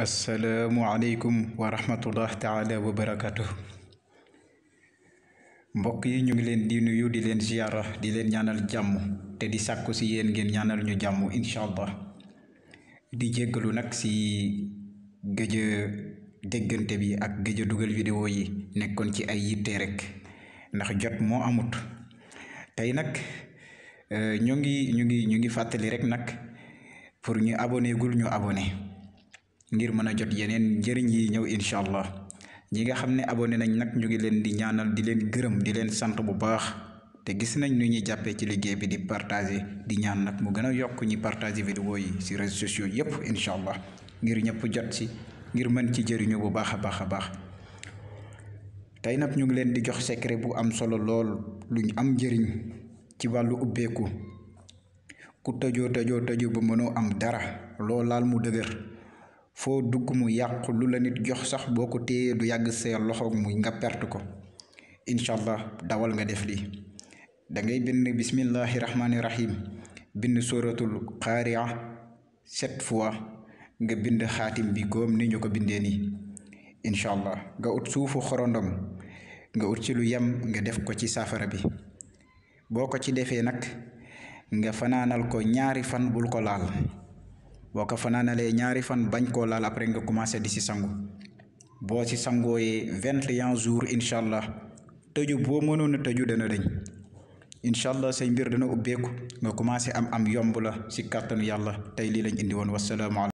asalaamualeykum wa rahmatullah taala wa barakaatu. mbokk yi ñu ngi leen di nuyu di leen ziyaara di leen ñaanal jàmm te di sàkku si yéen ngeen ñaanal ñu jàmm incha allah di jéggalu nag si gëj a déggante bi ak gëj a dugal vidéo yi nekkoon ci ay yitte rek ndax jot moo amut tey nag euh, ñu ngi ñu ngi ñu ngi fàttali rek nag pour ñu aboneegul ñu abonné. ngir mën a jot yeneen njëriñ yi ñëw incha allah ñi nga xam ne abonné nañ nag ñu ngi leen di ñaanal di leen gërëm di leen sant bu baax te gis nañ nu ñuy jàppee ci liggéey bi di partager di ñaan nag mu gën a yokk ñi partage vidéo yi ci réseaux sociaux yépp incha allah ngir ñëpp jot si ngir mën ci jëriñu bu baax a baax a baax tey nag ñu ngi leen di jox secret bu am solo lool luñ am njëriñ ci wàllu ubbeeku ku tëjoo tëjoo tëjoo ba mënoo am dara loo laal mu dëgër foo dugg mu yàq lu la nit jox sax boo ko téyee du yàgg sa loxo muy nga perte ko incha allah dawal nga def lii da ngay bind bismillahi rahmaani rahim bind suratul xaaria sept fois nga bind xaatim bi góom ni ñu ko bindee nii incha allah nga ut suufu xorondom nga ut ci lu yem nga def ko ci saafara bi boo ko ci defee nag nga fanaanal ko ñaari fan bul ko laal boo ko fanaanalee ñaari fan bañ koo laal après nga commencé di si sangu boo si sangooyee vingt et un jours incha allah tëju boo mënoon a tëju na dañ incha allah say mbir dana ubbeeku nga commencé am am yomb la si kàttanu yàlla tey lii lañ indi woon wasalaamaaleykum